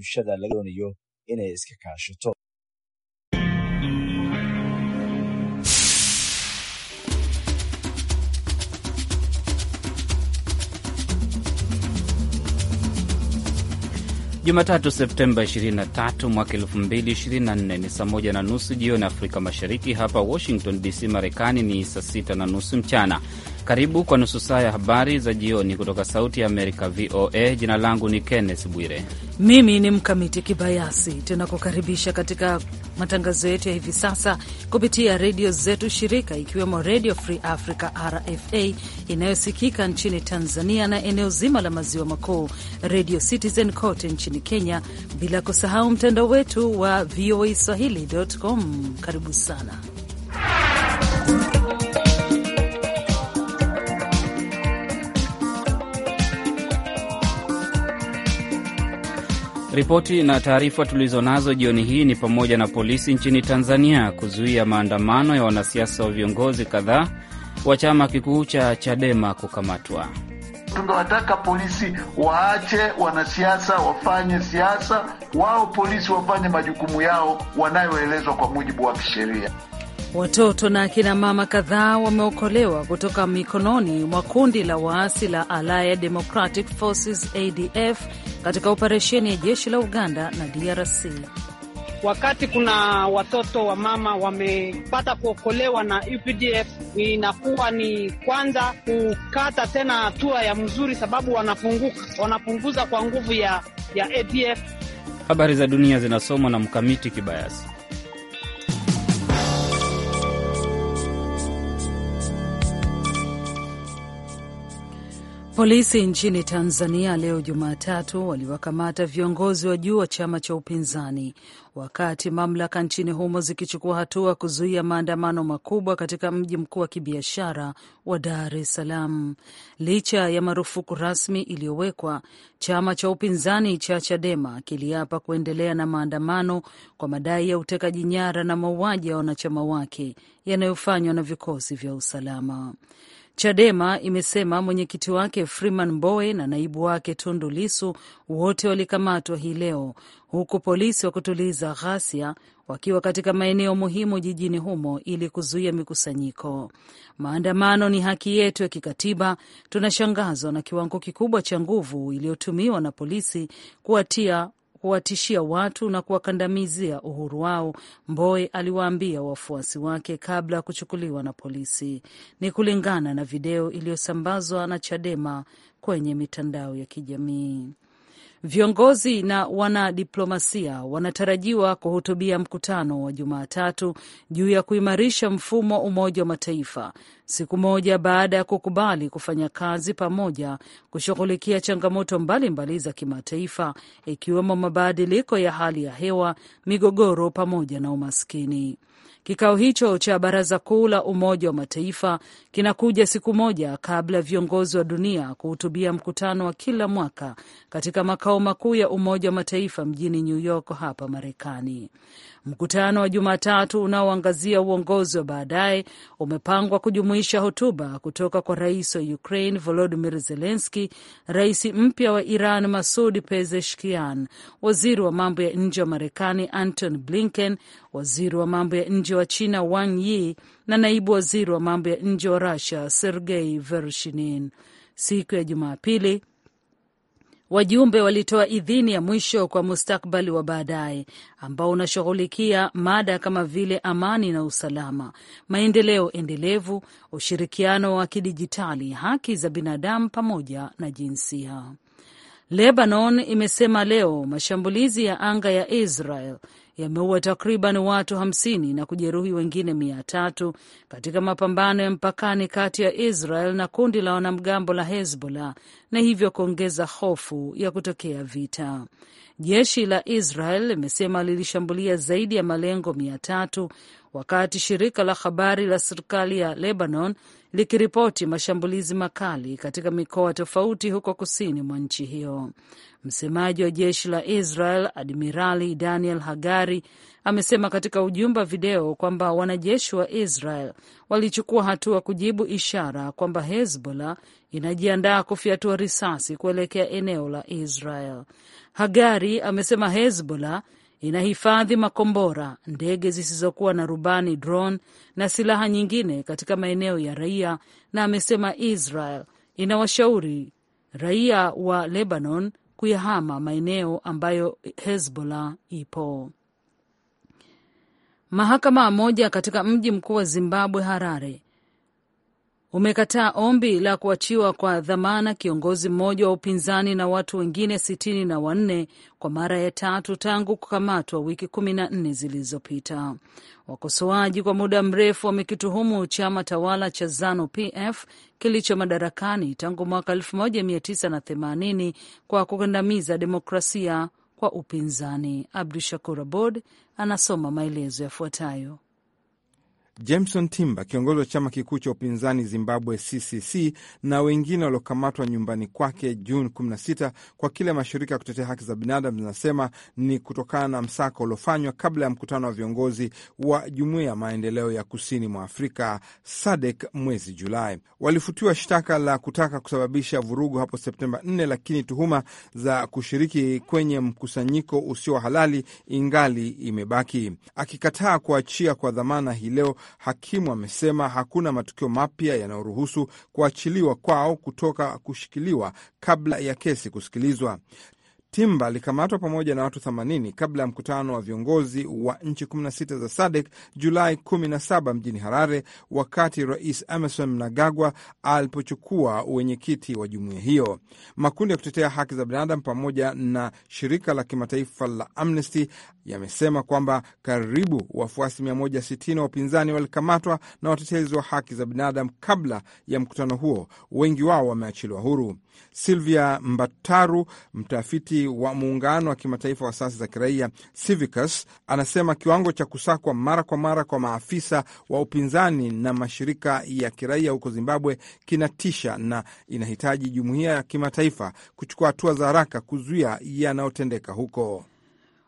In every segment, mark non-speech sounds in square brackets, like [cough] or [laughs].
bulshada laga doonayo inay iska kaashato. Jumatatu Septemba 23 mwaka 2024 ni saa moja na nusu jioni Afrika Mashariki. Hapa Washington DC, Marekani ni saa sita na nusu mchana. Karibu kwa nusu saa ya habari za jioni kutoka Sauti ya Amerika, VOA. Jina langu ni Kenneth Bwire. Mimi ni Mkamiti Kibayasi. Tunakukaribisha katika matangazo yetu ya hivi sasa kupitia redio zetu shirika, ikiwemo Redio Free Africa, RFA, inayosikika nchini Tanzania na eneo zima la maziwa makuu, Redio Citizen kote nchini Kenya, bila kusahau mtandao wetu wa voa swahilicom Karibu sana Ripoti na taarifa tulizonazo jioni hii ni pamoja na polisi nchini Tanzania kuzuia maandamano ya wanasiasa wa viongozi kadhaa wa chama kikuu cha Chadema kukamatwa. Tunawataka polisi waache wanasiasa wafanye siasa wao, polisi wafanye majukumu yao wanayoelezwa kwa mujibu wa kisheria. Watoto na akina mama kadhaa wameokolewa kutoka mikononi mwa kundi la waasi la Allied Democratic Forces ADF katika operesheni ya jeshi la Uganda na DRC. Wakati kuna watoto wa mama wamepata kuokolewa na UPDF, e inakuwa ni kwanza kukata tena hatua ya mzuri, sababu wanapunguka, wanapunguza kwa nguvu ya, ya ADF. Habari za dunia zinasomwa na Mkamiti Kibayasi. Polisi nchini Tanzania leo Jumatatu waliwakamata viongozi wa juu wa chama cha upinzani wakati mamlaka nchini humo zikichukua hatua kuzuia maandamano makubwa katika mji mkuu wa kibiashara wa Dar es Salaam. Licha ya marufuku rasmi iliyowekwa, chama cha upinzani cha Chadema kiliapa kuendelea na maandamano kwa madai ya utekaji nyara na mauaji ya wanachama wake yanayofanywa na vikosi vya usalama. Chadema imesema mwenyekiti wake Freeman Mbowe na naibu wake Tundu lisu wote walikamatwa hii leo, huku polisi wa kutuliza ghasia wakiwa katika maeneo muhimu jijini humo ili kuzuia mikusanyiko. Maandamano ni haki yetu ya kikatiba. Tunashangazwa na kiwango kikubwa cha nguvu iliyotumiwa na polisi kuwatia kuwatishia watu na kuwakandamizia uhuru wao, mboe aliwaambia wafuasi wake kabla ya kuchukuliwa na polisi. Ni kulingana na video iliyosambazwa na Chadema kwenye mitandao ya kijamii. Viongozi na wanadiplomasia wanatarajiwa kuhutubia mkutano wa Jumatatu juu ya kuimarisha mfumo wa Umoja wa Mataifa, siku moja baada ya kukubali kufanya kazi pamoja kushughulikia changamoto mbalimbali za kimataifa, ikiwemo mabadiliko ya hali ya hewa, migogoro pamoja na umaskini. Kikao hicho cha Baraza Kuu la Umoja wa Mataifa kinakuja siku moja kabla ya viongozi wa dunia kuhutubia mkutano wa kila mwaka katika makao makuu ya Umoja wa Mataifa mjini New York hapa Marekani. Mkutano wa Jumatatu unaoangazia uongozi wa baadaye umepangwa kujumuisha hotuba kutoka kwa rais wa Ukraine Volodimir Zelenski, rais mpya wa Iran Masud Pezeshkian, waziri wa mambo ya nje wa Marekani Anton Blinken, waziri wa mambo ya nje nje wa China Wang Yi na naibu waziri wa mambo ya nje wa Russia Sergei Vershinin. Siku ya Jumapili, wajumbe walitoa idhini ya mwisho kwa mustakbali wa baadaye ambao unashughulikia mada kama vile amani na usalama, maendeleo endelevu, ushirikiano wa kidijitali, haki za binadamu pamoja na jinsia. Lebanon imesema leo mashambulizi ya anga ya Israel yameua takriban watu hamsini na kujeruhi wengine mia tatu katika mapambano ya mpakani kati ya Israel na kundi la wanamgambo la Hezbollah na hivyo kuongeza hofu ya kutokea vita. Jeshi la Israel limesema lilishambulia zaidi ya malengo mia tatu wakati shirika la habari la serikali ya Lebanon likiripoti mashambulizi makali katika mikoa tofauti huko kusini mwa nchi hiyo. Msemaji wa jeshi la Israel Admirali Daniel Hagari amesema katika ujumbe wa video kwamba wanajeshi wa Israel walichukua hatua kujibu ishara kwamba Hezbollah inajiandaa kufyatua risasi kuelekea eneo la Israel. Hagari amesema Hezbollah inahifadhi makombora, ndege zisizokuwa na rubani drone, na silaha nyingine katika maeneo ya raia, na amesema Israel inawashauri raia wa Lebanon kuyahama maeneo ambayo Hezbollah ipo. Mahakama moja katika mji mkuu wa Zimbabwe, Harare, umekataa ombi la kuachiwa kwa dhamana kiongozi mmoja wa upinzani na watu wengine sitini na wanne kwa mara ya tatu tangu kukamatwa wiki kumi na nne zilizopita. Wakosoaji kwa muda mrefu wamekituhumu chama tawala cha Zanu PF kilicho madarakani tangu mwaka 1980 kwa kukandamiza demokrasia kwa upinzani. Abdu Shakur Abod anasoma maelezo yafuatayo. Jameson Timba, kiongozi wa chama kikuu cha upinzani Zimbabwe CCC, na wengine waliokamatwa nyumbani kwake Juni 16 kwa kile mashirika ya kutetea haki za binadamu zinasema ni kutokana na msako uliofanywa kabla ya mkutano wa viongozi wa Jumuiya ya Maendeleo ya Kusini mwa Afrika SADC mwezi Julai. Walifutiwa shtaka la kutaka kusababisha vurugu hapo Septemba 4, lakini tuhuma za kushiriki kwenye mkusanyiko usio halali ingali imebaki. Akikataa kuachia kwa dhamana hii leo hakimu amesema hakuna matukio mapya yanayoruhusu kuachiliwa kwao kutoka kushikiliwa kabla ya kesi kusikilizwa. Timba alikamatwa pamoja na watu 80 kabla ya mkutano wa viongozi wa nchi 16 za SADC Julai 17 mjini Harare, wakati Rais Emmerson Mnangagwa alipochukua uwenyekiti wa jumuiya hiyo. Makundi ya kutetea haki za binadamu pamoja na shirika la kimataifa la Amnesty yamesema kwamba karibu wafuasi 160 wa upinzani walikamatwa na watetezi wa haki za binadamu kabla ya mkutano huo, wengi wao wameachiliwa huru. Silvia Mbataru, mtafiti wa muungano wa kimataifa wa asasi za kiraia Civicus, anasema kiwango cha kusakwa mara kwa mara kwa maafisa wa upinzani na mashirika ya kiraia huko Zimbabwe kinatisha na inahitaji jumuiya ya kimataifa kuchukua hatua za haraka kuzuia yanayotendeka huko.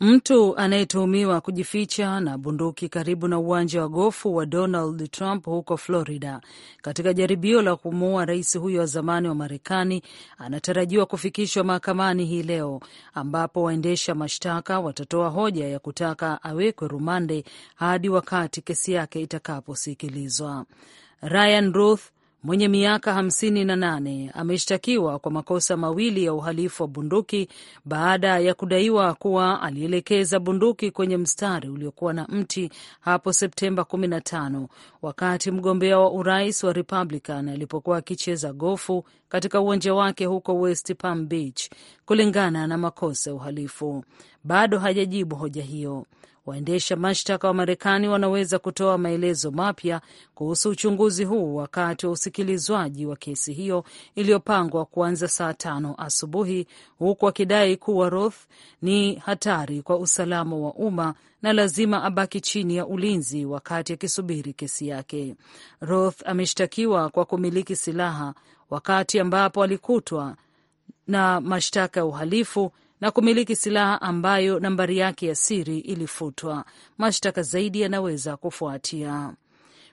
Mtu anayetuhumiwa kujificha na bunduki karibu na uwanja wa gofu wa Donald Trump huko Florida katika jaribio la kumuua rais huyo wa zamani wa Marekani anatarajiwa kufikishwa mahakamani hii leo, ambapo waendesha mashtaka watatoa hoja ya kutaka awekwe rumande hadi wakati kesi yake itakaposikilizwa. Ryan Ruth mwenye miaka hamsini na nane ameshtakiwa kwa makosa mawili ya uhalifu wa bunduki baada ya kudaiwa kuwa alielekeza bunduki kwenye mstari uliokuwa na mti hapo Septemba 15 wakati mgombea wa urais wa Republican alipokuwa akicheza gofu katika uwanja wake huko West Palm Beach, kulingana na makosa ya uhalifu. Bado hajajibu hoja hiyo. Waendesha mashtaka wa Marekani wanaweza kutoa maelezo mapya kuhusu uchunguzi huu wakati wa usikilizwaji wa kesi hiyo iliyopangwa kuanza saa tano asubuhi, huku akidai kuwa Roth ni hatari kwa usalama wa umma na lazima abaki chini ya ulinzi wakati akisubiri kesi yake. Roth ameshtakiwa kwa kumiliki silaha wakati ambapo alikutwa na mashtaka ya uhalifu na kumiliki silaha ambayo nambari yake ya siri ilifutwa. Mashtaka zaidi yanaweza kufuatia.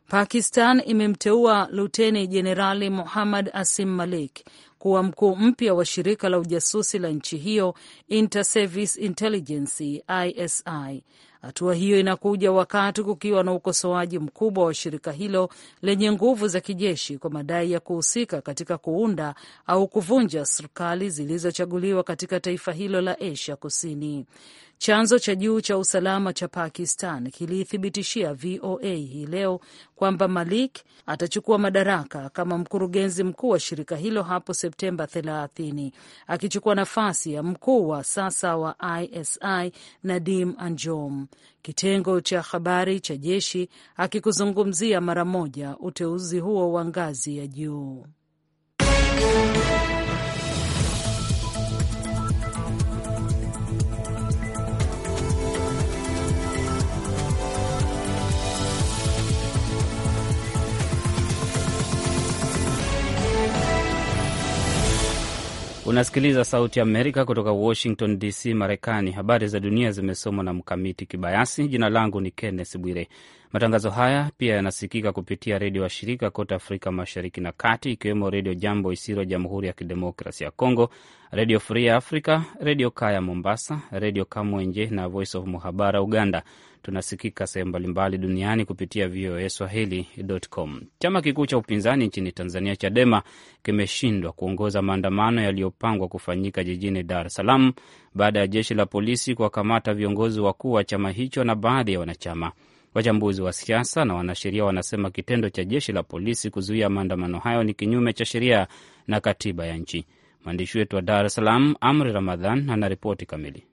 Pakistan imemteua Luteni Jenerali Muhammad Asim Malik kuwa mkuu mpya wa shirika la ujasusi la nchi hiyo Inter Service Intelligence ISI. Hatua hiyo inakuja wakati kukiwa na ukosoaji mkubwa wa shirika hilo lenye nguvu za kijeshi kwa madai ya kuhusika katika kuunda au kuvunja serikali zilizochaguliwa katika taifa hilo la Asia Kusini. Chanzo cha juu cha usalama cha Pakistan kiliithibitishia VOA hii leo kwamba Malik atachukua madaraka kama mkurugenzi mkuu wa shirika hilo hapo Septemba 30 akichukua nafasi ya mkuu wa sasa wa ISI Nadim Anjom. Kitengo cha habari cha jeshi akikuzungumzia mara moja uteuzi huo wa ngazi ya juu Unasikiliza Sauti ya Amerika kutoka Washington DC, Marekani. Habari za dunia zimesomwa na Mkamiti Kibayasi. Jina langu ni Kenneth Bwire. Matangazo haya pia yanasikika kupitia redio washirika kote Afrika Mashariki na Kati, ikiwemo Redio Jambo Isiro, Jamhuri ya Kidemokrasi ya congo Redio Free Africa, Redio Kaya Mombasa, Redio Kamwenje na Voice of Muhabara Uganda. Tunasikika sehemu mbalimbali duniani kupitia VOA Swahili.com. Chama kikuu cha upinzani nchini Tanzania, Chadema, kimeshindwa kuongoza maandamano yaliyopangwa kufanyika jijini Dar es Salaam baada ya jeshi la polisi kuwakamata viongozi wakuu wa chama hicho na baadhi ya wanachama. Wachambuzi wa siasa na wanasheria wanasema kitendo cha jeshi la polisi kuzuia maandamano hayo ni kinyume cha sheria na katiba ya nchi. Mwandishi wetu wa Dar es Salaam, Amri Ramadhan, anaripoti kamili.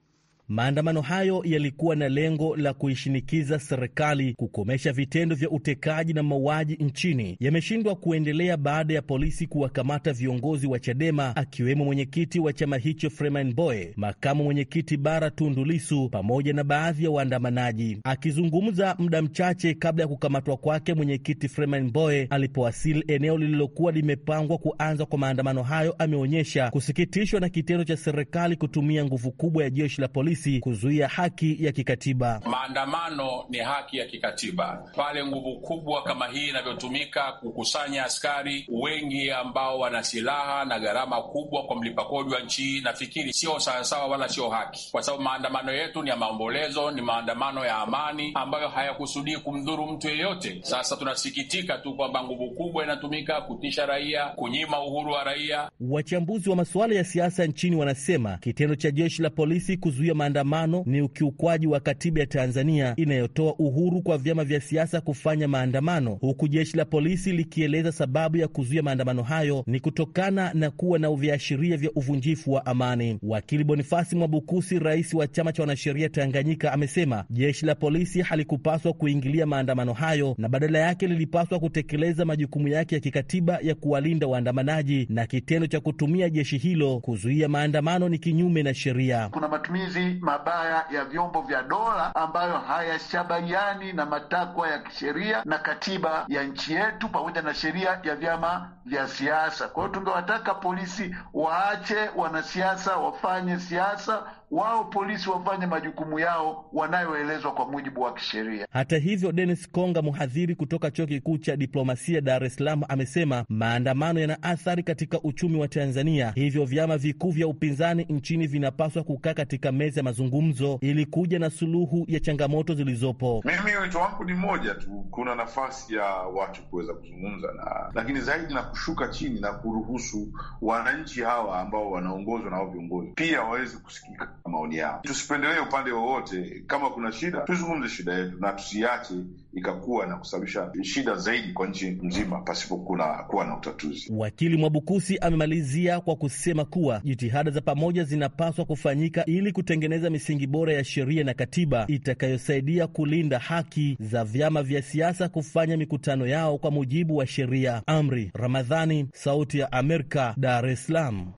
Maandamano hayo yalikuwa na lengo la kuishinikiza serikali kukomesha vitendo vya utekaji na mauaji nchini. Yameshindwa kuendelea baada ya polisi kuwakamata viongozi wa Chadema akiwemo mwenyekiti wa chama hicho Freeman Mbowe, makamu mwenyekiti bara tundulisu pamoja na baadhi ya waandamanaji. Akizungumza muda mchache kabla ya kukamatwa kwake, mwenyekiti Freeman Mbowe alipowasili eneo lililokuwa limepangwa kuanza kwa maandamano hayo, ameonyesha kusikitishwa na kitendo cha serikali kutumia nguvu kubwa ya jeshi la polisi polisi kuzuia haki ya kikatiba. Maandamano ni haki ya kikatiba. Pale nguvu kubwa kama hii inavyotumika kukusanya askari wengi ambao wana silaha na gharama kubwa kwa mlipa kodi wa nchi hii, nafikiri sio sawasawa wala sio haki, kwa sababu maandamano yetu ni ya maombolezo, ni maandamano ya amani ambayo hayakusudii kumdhuru mtu yeyote. Sasa tunasikitika tu kwamba nguvu kubwa inatumika kutisha raia, kunyima uhuru wa raia. Wachambuzi wa masuala ya siasa nchini wanasema kitendo cha jeshi la polisi kuzuia maandamano ni ukiukwaji wa katiba ya Tanzania inayotoa uhuru kwa vyama vya siasa kufanya maandamano, huku jeshi la polisi likieleza sababu ya kuzuia maandamano hayo ni kutokana na kuwa na viashiria vya uvunjifu wa amani. Wakili Bonifasi Mwabukusi, rais wa chama cha wanasheria Tanganyika, amesema jeshi la polisi halikupaswa kuingilia maandamano hayo na badala yake lilipaswa kutekeleza majukumu yake ya kikatiba ya kuwalinda waandamanaji, na kitendo cha kutumia jeshi hilo kuzuia maandamano ni kinyume na sheria. Kuna matumizi mabaya ya vyombo vya dola ambayo hayashabaiani na matakwa ya kisheria na katiba ya nchi yetu pamoja na sheria ya vyama vya siasa. Kwa hiyo tungewataka polisi waache wanasiasa wafanye siasa wao polisi wafanye majukumu yao wanayoelezwa kwa mujibu wa kisheria. Hata hivyo, Dennis Konga, mhadhiri kutoka chuo kikuu cha diplomasia Dar es Salaam, amesema maandamano yana athari katika uchumi wa Tanzania, hivyo vyama vikuu vya upinzani nchini vinapaswa kukaa katika meza ya mazungumzo ili kuja na suluhu ya changamoto zilizopo. Mimi wito wangu ni mmoja tu, kuna nafasi ya watu kuweza kuzungumza na, lakini zaidi na kushuka chini na kuruhusu wananchi hawa ambao wanaongozwa na hao viongozi pia waweze kusikika maoni yao. Tusipendelee upande wowote. Kama kuna shida, tuzungumze shida yetu na tusiache ikakuwa na kusababisha shida zaidi kwa nchi mzima pasipo kuwa na utatuzi. Wakili Mwabukusi amemalizia kwa kusema kuwa jitihada za pamoja zinapaswa kufanyika ili kutengeneza misingi bora ya sheria na katiba itakayosaidia kulinda haki za vyama vya siasa kufanya mikutano yao kwa mujibu wa sheria. Amri Ramadhani, Sauti ya Amerika, Dar es Salaam.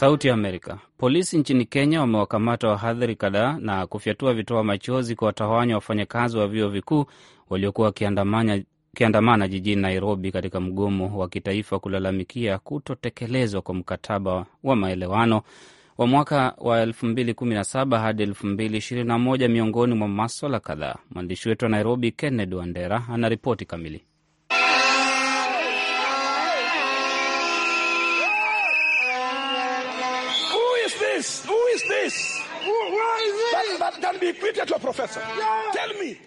Sauti ya Amerika. Polisi nchini Kenya wamewakamata wahadhiri kadhaa na kufyatua vitoa machozi kwa watawanya wafanyakazi wa vyuo vikuu waliokuwa wakiandamana jijini Nairobi katika mgomo wa kitaifa kulalamikia kutotekelezwa kwa mkataba wa maelewano wa mwaka wa 2017 hadi 2021 miongoni mwa maswala kadhaa. Mwandishi wetu wa Nairobi, Kennedy Wandera, anaripoti kamili. this? Who, who is this? That, that can be equated to a professor. Yeah. Tell me.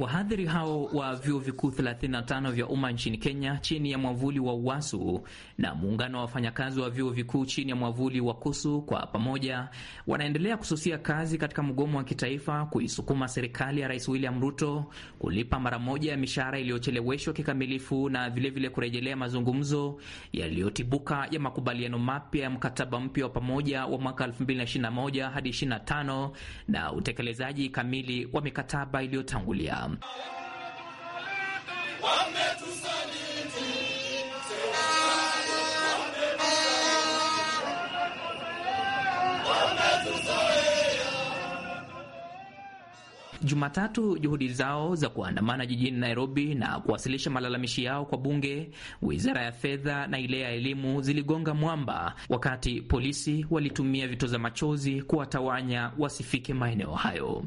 Wahadhiri hao wa vyuo vikuu 35 vya umma nchini Kenya chini ya mwavuli wa UWASU na muungano wa wafanyakazi wa vyuo vikuu chini ya mwavuli wa KUSU kwa pamoja wanaendelea kususia kazi katika mgomo wa kitaifa kuisukuma serikali ya Rais William Ruto kulipa mara moja ya mishahara iliyocheleweshwa kikamilifu na vilevile kurejelea mazungumzo yaliyotibuka ya makubaliano mapya ya mkataba mpya wa pamoja wa mwaka 2021 hadi 25 na utekelezaji kamili wa mikataba iliyotangulia. Islam. Jumatatu juhudi zao za kuandamana jijini Nairobi na kuwasilisha malalamishi yao kwa bunge, wizara ya fedha na ile ya elimu ziligonga mwamba, wakati polisi walitumia vitoza machozi kuwatawanya wasifike maeneo hayo.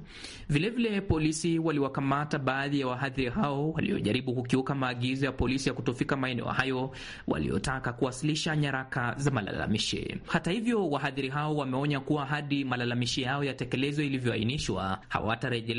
Vilevile vile polisi waliwakamata baadhi ya wahadhiri hao waliojaribu kukiuka maagizo ya polisi ya kutofika maeneo hayo, waliotaka kuwasilisha nyaraka za malalamishi. Hata hivyo, wahadhiri hao wameonya kuwa hadi malalamishi yao yatekelezwe ilivyoainishwa hawatarejea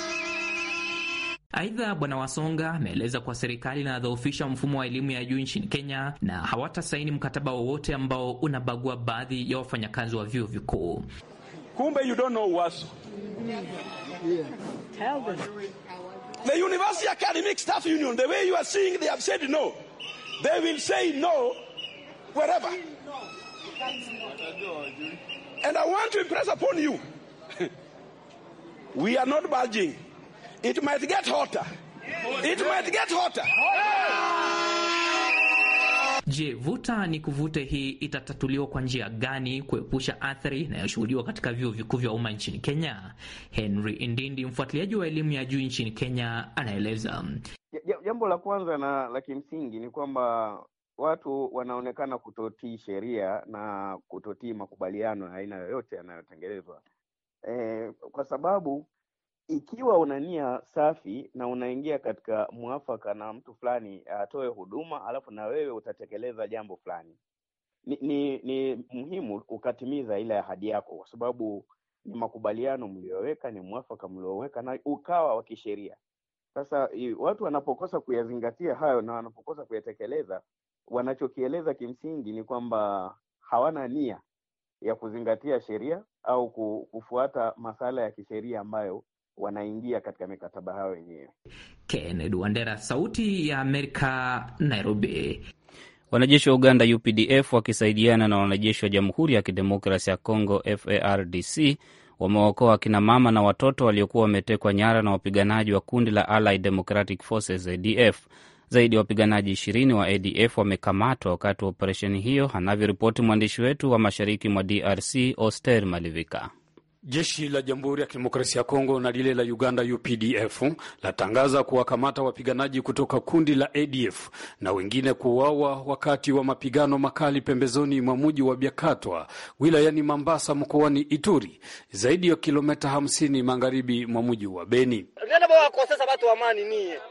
Aidha, Bwana Wasonga ameeleza kuwa serikali inadhoofisha mfumo wa elimu ya juu nchini Kenya na hawatasaini mkataba wowote ambao unabagua baadhi ya wafanyakazi wa vyuo vikuu. Kumbe you don't know Tell them. The University Academic Staff Union, the way you are seeing, they have said no. They will say no wherever. And I want to impress upon you. [laughs] We are not It might get hotter. It might get hotter. Je, vuta ni kuvute hii itatatuliwa kwa njia gani kuepusha athari inayoshuhudiwa katika vyuo vikuu vya umma nchini Kenya? Henry Indindi, mfuatiliaji wa elimu ya juu nchini Kenya, anaeleza. Jambo la kwanza na la kimsingi ni kwamba watu wanaonekana kutotii sheria na kutotii makubaliano ya aina yoyote yanayotengenezwa, e, kwa sababu ikiwa una nia safi na unaingia katika mwafaka na mtu fulani atoe huduma, alafu na wewe utatekeleza jambo fulani, ni, ni, ni muhimu ukatimiza ile ahadi yako, kwa sababu ni makubaliano mlioweka ni mwafaka mlioweka na ukawa wa kisheria. Sasa watu wanapokosa kuyazingatia hayo na wanapokosa kuyatekeleza, wanachokieleza kimsingi ni kwamba hawana nia ya kuzingatia sheria au kufuata masala ya kisheria ambayo wanaingia katika mikataba hayo wenyewe. Kennedy Wandera, Sauti ya Amerika, Nairobi. Wanajeshi wa Uganda UPDF wakisaidiana na wanajeshi wa Jamhuri ya Kidemokrasia ya congo FARDC wamewaokoa akina mama na watoto waliokuwa wametekwa nyara na wapiganaji wa kundi la Allied Democratic Forces ADF. Zaidi ya wapiganaji ishirini wa ADF wamekamatwa wakati wa operesheni hiyo, anavyoripoti mwandishi wetu wa mashariki mwa DRC Oster Malivika. Jeshi la Jamhuri ya Kidemokrasia ya Kongo na lile la Uganda UPDF latangaza kuwakamata wapiganaji kutoka kundi la ADF na wengine kuuawa wakati wa mapigano makali pembezoni mwa muji wa Biakatwa wilayani Mambasa mkoani Ituri, zaidi ya kilomita 50 magharibi mwa muji wa Beni.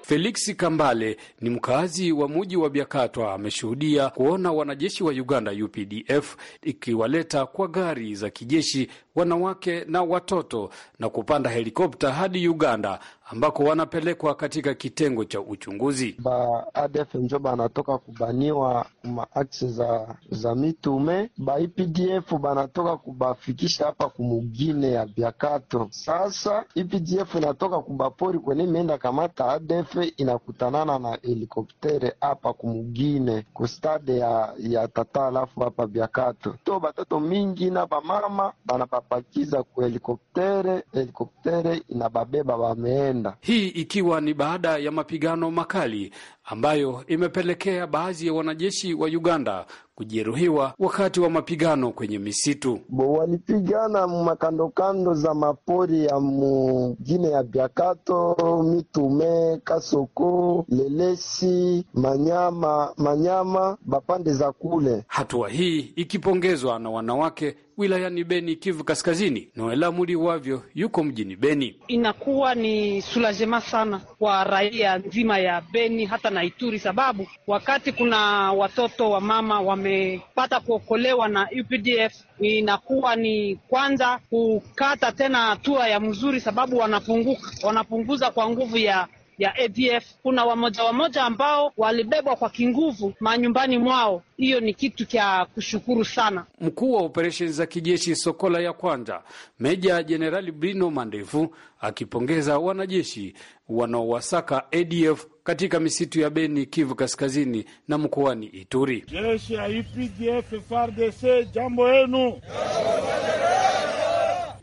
Felix Kambale ni mkaazi wa muji wa Biakatwa, ameshuhudia kuona wanajeshi wa Uganda UPDF ikiwaleta kwa gari za kijeshi wanawake na watoto na kupanda helikopta hadi Uganda ambako wanapelekwa katika kitengo cha uchunguzi. Ba ADF njo banatoka kubaniwa maaksi za, za mitume ba EPDF banatoka kubafikisha hapa kumugine ya Biakato. Sasa EPDF inatoka kubapori kwenye imeenda kamata ADF inakutanana na helikoptere hapa kumugine kustade ya, ya tata alafu hapa Biakato to batoto mingi na bamama banabapakiza ku helikoptere, helikoptere inababeba bameene Uganda, hii ikiwa ni baada ya mapigano makali ambayo imepelekea baadhi ya wanajeshi wa Uganda kujeruhiwa wakati wa mapigano kwenye misitu. Bo walipigana makandokando za mapori ya mugine ya Biakato, Mitume, Kasoko, Lelesi, Manyama, Manyama bapande za kule. Hatua hii ikipongezwa na wanawake wilayani Beni, Kivu Kaskazini. Noela Muli wavyo yuko mjini Beni. Inakuwa ni sulajema sana kwa raia nzima ya Beni hata na Ituri, sababu wakati kuna watoto wa mama wame wamepata kuokolewa na UPDF inakuwa ni kwanza kukata tena hatua ya mzuri, sababu wanapunguka, wanapunguza kwa nguvu ya ya ADF. Kuna wamoja wamoja ambao walibebwa kwa kinguvu manyumbani mwao. Hiyo ni kitu cha kushukuru sana. Mkuu wa operesheni za kijeshi Sokola ya kwanza, Meja Jenerali Brino Mandevu akipongeza wanajeshi wanaowasaka ADF katika misitu ya Beni, Kivu Kaskazini na mkoani Ituri. Jeshi ya UPDF FARDC, jambo yenu.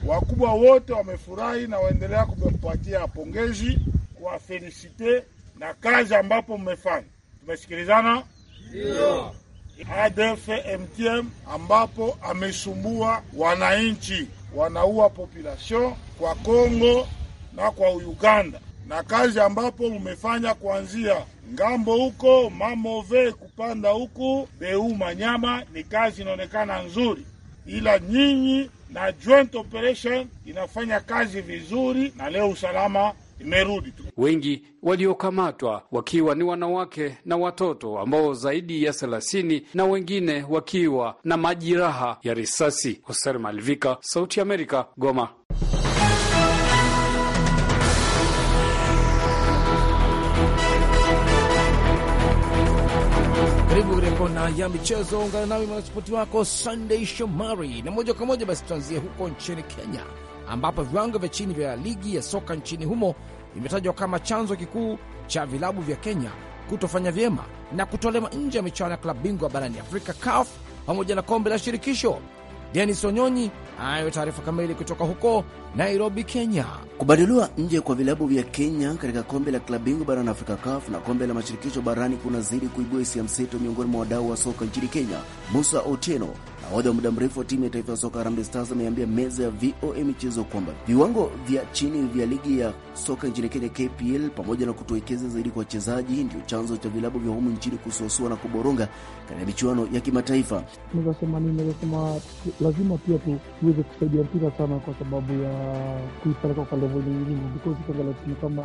Wakubwa wote wamefurahi na waendelea kumpatia pongezi, kuwafelisite na kazi ambapo mmefanya. Tumesikilizana ADF MTM ambapo amesumbua wananchi, wanaua population kwa Kongo na kwa Uganda na kazi ambapo mumefanya kuanzia ngambo huko mamove kupanda huku beu manyama, ni kazi inaonekana nzuri, ila nyinyi na joint operation inafanya kazi vizuri, na leo usalama imerudi. tu Wengi waliokamatwa wakiwa ni wanawake na watoto ambao zaidi ya thelathini na wengine wakiwa na majiraha ya risasi. Hoser Malvika, Sauti ya Amerika, Goma. Karibu katika kona ya michezo, ungana nami mwanaspoti wako Sunday Shomari, na moja kwa moja basi tuanzie huko nchini Kenya, ambapo viwango vya chini vya ligi ya soka nchini humo vimetajwa kama chanzo kikuu cha vilabu vya Kenya kutofanya vyema na kutolewa nje ya michuano ya klabu bingwa barani Afrika, CAF, pamoja na kombe la shirikisho. Denis Onyonyi Hayo taarifa kamili kutoka huko Nairobi, Kenya. Kubadiliwa nje kwa vilabu vya Kenya katika kombe la klabu bingwa barani Afrika CAF na kombe la mashirikisho barani kunazidi kuibua hisia mseto miongoni mwa wadau wa soka nchini Kenya. Musa Otieno nahodha wa muda mrefu wa timu ya taifa ya soka Harambee Stars ameambia meza ya VOA michezo kwamba viwango vya chini vya ligi ya soka nchini Kenya KPL pamoja na kutowekeza zaidi kwa wachezaji ndio chanzo cha vilabu vya humu nchini kusuasua na kuboronga katika michuano ya kimataifa. nini? lazima pia tu tuweze kusaidia mpira sana kwa sababu ya kuipeleka kwa levo nyingine, because ukiangalia timu kama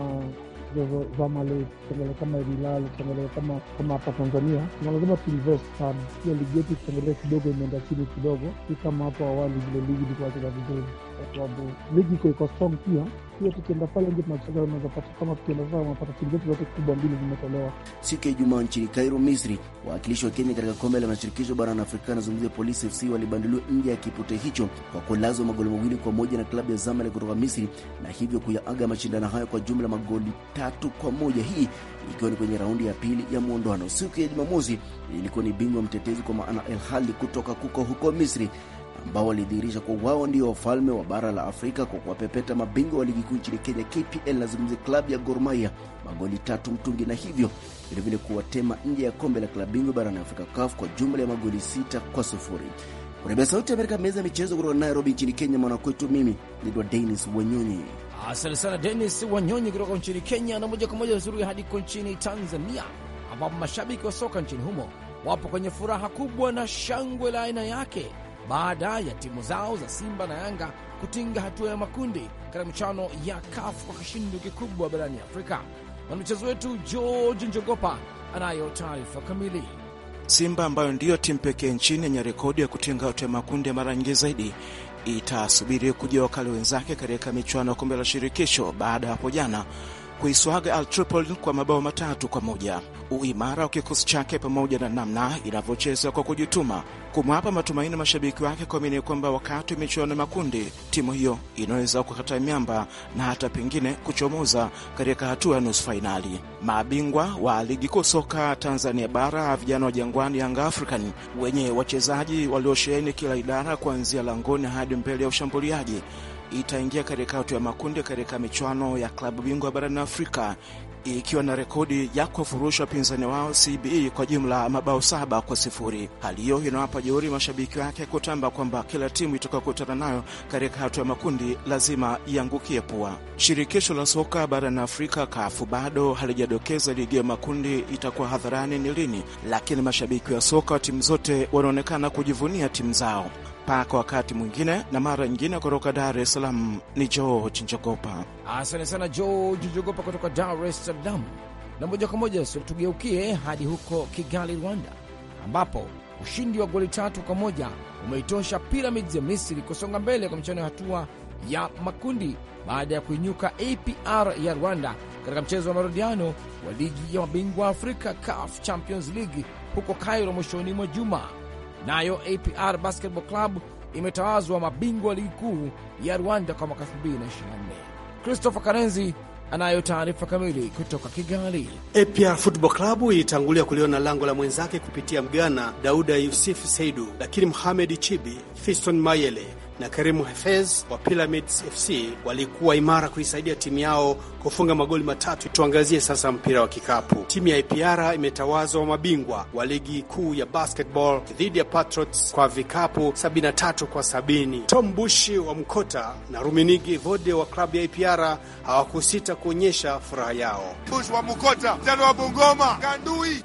Zamalek, ukiangalia kama Hilal, ukiangalia kama kama hapa Tanzania na lazima tuinvest sana. Pia ligi yetu ukiangalia kidogo imeenda chini kidogo, si kama hapo awali vile ligi ilikuwa cheza vizuri kwa sababu ligi iko iko strong pia pia tukienda pale nje tunacheza kama tukienda unapata timu zetu zote kubwa mbili zimetolewa. Siku ya Ijumaa nchini Cairo, Misri, wawakilishi wa Kenya katika kombe la mashirikisho barani Afrika anazungumzia Polisi FC walibanduliwa nje ya kipute hicho kwa kulazwa magoli mawili kwa moja na klabu ya Zamalek kutoka Misri na hivyo kuyaaga mashindano hayo kwa jumla magoli tatu kwa moja, hii ikiwa ni kwenye raundi ya pili ya muondoano. Siku ya Jumamosi ilikuwa ni bingwa mtetezi kwa maana El Ahly kutoka kuko huko Misri ambao walidhihirisha kuwa wao ndio wafalme wa bara la Afrika kwa kuwapepeta mabingwa wa ligi kuu nchini Kenya KPL na zungumzia klabu ya Gor Mahia magoli tatu mtungi, na hivyo vilevile kuwatema nje ya kombe la klabu bingwa barani Afrika CAF kwa jumla ya magoli sita kwa sufuri. Kurebea Sauti ya Amerika, meza ya michezo kutoka Nairobi nchini Kenya, mwanakwetu, mimi naitwa Denis Wanyonyi. Asante sana Denis Wanyonyi kutoka nchini Kenya. Na moja kwa moja zuri hadi ko nchini Tanzania, ambapo mashabiki wa soka nchini humo wapo kwenye furaha kubwa na shangwe la aina yake baada ya timu zao za Simba na Yanga kutinga hatua ya makundi katika michano ya kafu kwa kishindo kikubwa barani Afrika. Mwanamichezo wetu George Njogopa anayo taarifa kamili. Simba ambayo ndiyo timu pekee nchini yenye rekodi ya kutinga hatua ya makundi ya mara nyingi zaidi itasubiri kuja wakali wenzake katika michuano ya kombe la shirikisho baada ya hapo jana kuiswaga Al Tripoli kwa mabao matatu kwa moja. Uimara wa kikosi chake pamoja na namna inavyocheza kwa kujituma kumwapa matumaini mashabiki wake kuamini kwamba wakati michuano makundi timu hiyo inaweza kukata miamba na hata pengine kuchomoza katika hatua ya nusu fainali. Mabingwa wa ligi kuu soka Tanzania bara vijana wa Jangwani, Yanga African, wenye wachezaji waliosheheni kila idara kuanzia langoni hadi mbele ya ushambuliaji itaingia katika hatua ya makundi katika michuano ya klabu bingwa barani Afrika ikiwa na rekodi ya kuwafurusha wapinzani wao CBE kwa jumla mabao saba kwa sifuri. Hali hiyo inawapa jeuri mashabiki wake kutamba kwamba kila timu itakayokutana nayo katika hatua ya makundi lazima iangukie pua. Shirikisho la soka barani Afrika kafu bado halijadokeza ligi ya makundi itakuwa hadharani ni lini, lakini mashabiki wa soka wa timu zote wanaonekana kujivunia timu zao mpaka wakati mwingine na mara nyingine. Kutoka Dar es Salaam ni George Njogopa. Asante sana George Njogopa kutoka Dar es Salaam. Na moja kwa moja tugeukie hadi huko Kigali, Rwanda, ambapo ushindi wa goli tatu kwa moja umeitosha Pyramids ya Misri kusonga mbele kwa mchano ya hatua ya makundi baada ya kuinyuka APR ya Rwanda katika mchezo wa marudiano wa ligi ya mabingwa Afrika CAF Champions League huko Cairo mwishoni mwa juma. Nayo APR Basketball Club imetawazwa mabingwa ligi kuu ya Rwanda kwa mwaka 2024. Christopher Karenzi anayo taarifa kamili kutoka Kigali. APR Football Club ilitangulia kuliona lango la mwenzake kupitia mgana Dauda Yusuf Seidu, lakini Mohamed Chibi, Fiston Mayele na Karimu Hafez wa Pyramids FC walikuwa imara kuisaidia timu yao kufunga magoli matatu. Tuangazie sasa mpira wa kikapu. Timu ya IPR imetawazwa mabingwa wa ligi kuu ya basketball dhidi ya Patriots kwa vikapu 73 kwa 70. Tom Bushi wa Mkota na Ruminigi Vode wa klabu ya IPR hawakusita kuonyesha furaha yao. Bush wa Mkota wa Bungoma Gandui.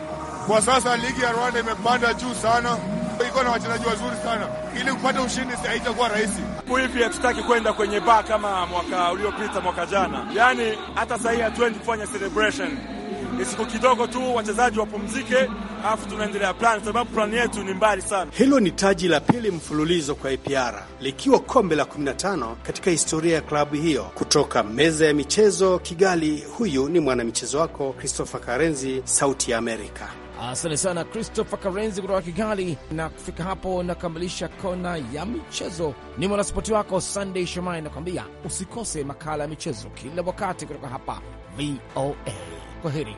Kwa sasa ligi ya Rwanda imepanda juu sana ilikuwa na wachezaji wazuri sana, ili kupata ushindi haitakuwa rahisi. Hivi hatutaki kwenda kwenye ba kama mwaka uliopita, mwaka jana, yaani hata sahii hatuendi kufanya celebration. Ni siku kidogo tu wachezaji wapumzike, alafu tunaendelea plan, sababu plan yetu ni mbali sana. Hilo ni taji la pili mfululizo kwa APR likiwa kombe la 15 katika historia ya klabu hiyo. Kutoka meza ya michezo Kigali, huyu ni mwanamichezo wako Christopher Karenzi, Sauti ya Amerika. Asante sana Christopher Karenzi kutoka Kigali. Na kufika hapo nakamilisha kona ya michezo. Ni mwanaspoti wako Sunday Shomai nakwambia usikose makala ya michezo kila wakati kutoka hapa VOA. Kwa heri.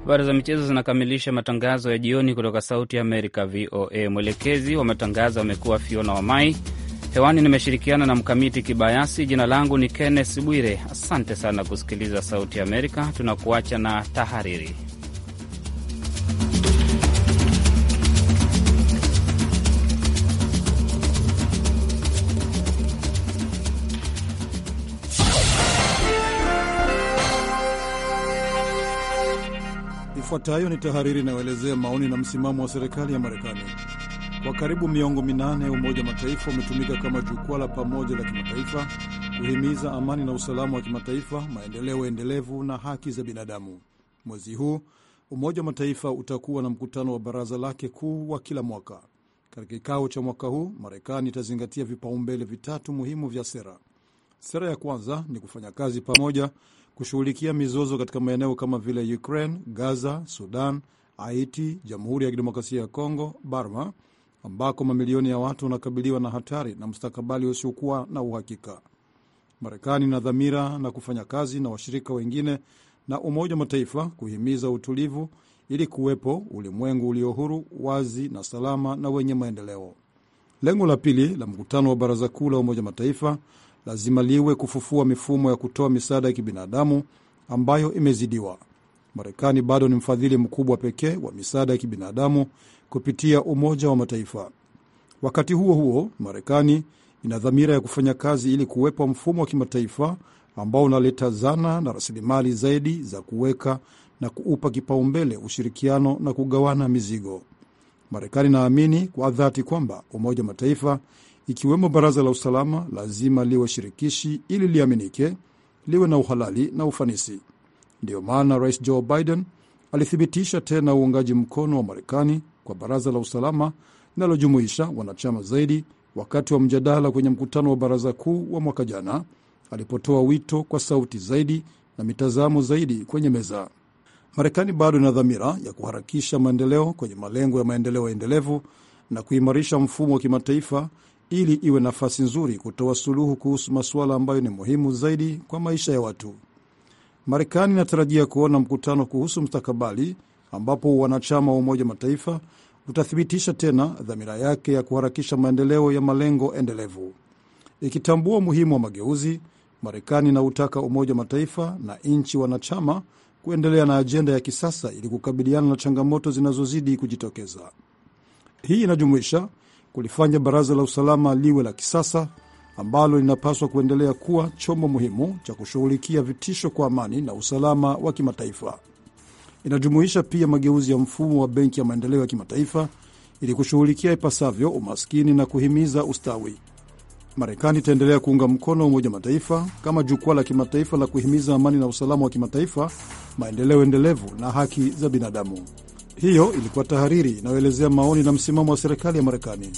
Habari za michezo zinakamilisha matangazo ya jioni kutoka Sauti ya Amerika, VOA. Mwelekezi wa matangazo amekuwa Fiona Wamai. Hewani nimeshirikiana na Mkamiti Kibayasi. Jina langu ni Kenneth Bwire. Asante sana kusikiliza Sauti Amerika. Tunakuacha na tahariri. Ifuatayo ni tahariri inayoelezea maoni na msimamo wa serikali ya Marekani. Kwa karibu miongo minane, Umoja wa Mataifa umetumika kama jukwaa la pamoja la kimataifa kuhimiza amani na usalama wa kimataifa, maendeleo endelevu na haki za binadamu. Mwezi huu Umoja wa Mataifa utakuwa na mkutano wa baraza lake kuu wa kila mwaka. Katika kikao cha mwaka huu, Marekani itazingatia vipaumbele vitatu muhimu vya sera. Sera ya kwanza ni kufanya kazi pamoja kushughulikia mizozo katika maeneo kama vile Ukraine, Gaza, Sudan, Haiti, Jamhuri ya Kidemokrasia ya Kongo, Burma, ambako mamilioni ya watu wanakabiliwa na hatari na mstakabali usiokuwa na uhakika. Marekani ina dhamira na kufanya kazi na washirika wengine na Umoja wa Mataifa kuhimiza utulivu ili kuwepo ulimwengu ulio huru, wazi na salama na wenye maendeleo. Lengo la pili la mkutano wa Baraza Kuu la Umoja Mataifa lazima liwe kufufua mifumo ya kutoa misaada ya kibinadamu ambayo imezidiwa. Marekani bado ni mfadhili mkubwa pekee wa misaada ya kibinadamu kupitia Umoja wa Mataifa. Wakati huo huo, Marekani ina dhamira ya kufanya kazi ili kuwepo mfumo wa kimataifa ambao unaleta zana na rasilimali zaidi za kuweka na kuupa kipaumbele ushirikiano na kugawana mizigo. Marekani inaamini kwa dhati kwamba Umoja wa Mataifa ikiwemo Baraza la Usalama lazima liwe shirikishi ili liaminike, liwe na uhalali na ufanisi. Ndiyo maana Rais Joe Biden alithibitisha tena uungaji mkono wa Marekani kwa Baraza la Usalama linalojumuisha wanachama zaidi wakati wa mjadala kwenye mkutano wa Baraza Kuu wa mwaka jana, alipotoa wito kwa sauti zaidi na mitazamo zaidi kwenye meza. Marekani bado ina dhamira ya kuharakisha maendeleo kwenye malengo ya maendeleo endelevu na kuimarisha mfumo wa kimataifa ili iwe nafasi nzuri kutoa suluhu kuhusu masuala ambayo ni muhimu zaidi kwa maisha ya watu. Marekani inatarajia kuona mkutano kuhusu mstakabali ambapo wanachama wa Umoja Mataifa utathibitisha tena dhamira yake ya kuharakisha maendeleo ya malengo endelevu. Ikitambua umuhimu wa mageuzi, Marekani inautaka Umoja Mataifa na nchi wanachama kuendelea na ajenda ya kisasa ili kukabiliana na changamoto zinazozidi kujitokeza. Hii inajumuisha kulifanya Baraza la Usalama liwe la kisasa ambalo linapaswa kuendelea kuwa chombo muhimu cha kushughulikia vitisho kwa amani na usalama wa kimataifa inajumuisha pia mageuzi ya mfumo wa Benki ya Maendeleo ya Kimataifa ili kushughulikia ipasavyo umaskini na kuhimiza ustawi. Marekani itaendelea kuunga mkono Umoja Mataifa kama jukwaa la kimataifa la kuhimiza amani na usalama wa kimataifa, maendeleo endelevu na haki za binadamu. Hiyo ilikuwa tahariri inayoelezea maoni na msimamo wa serikali ya Marekani.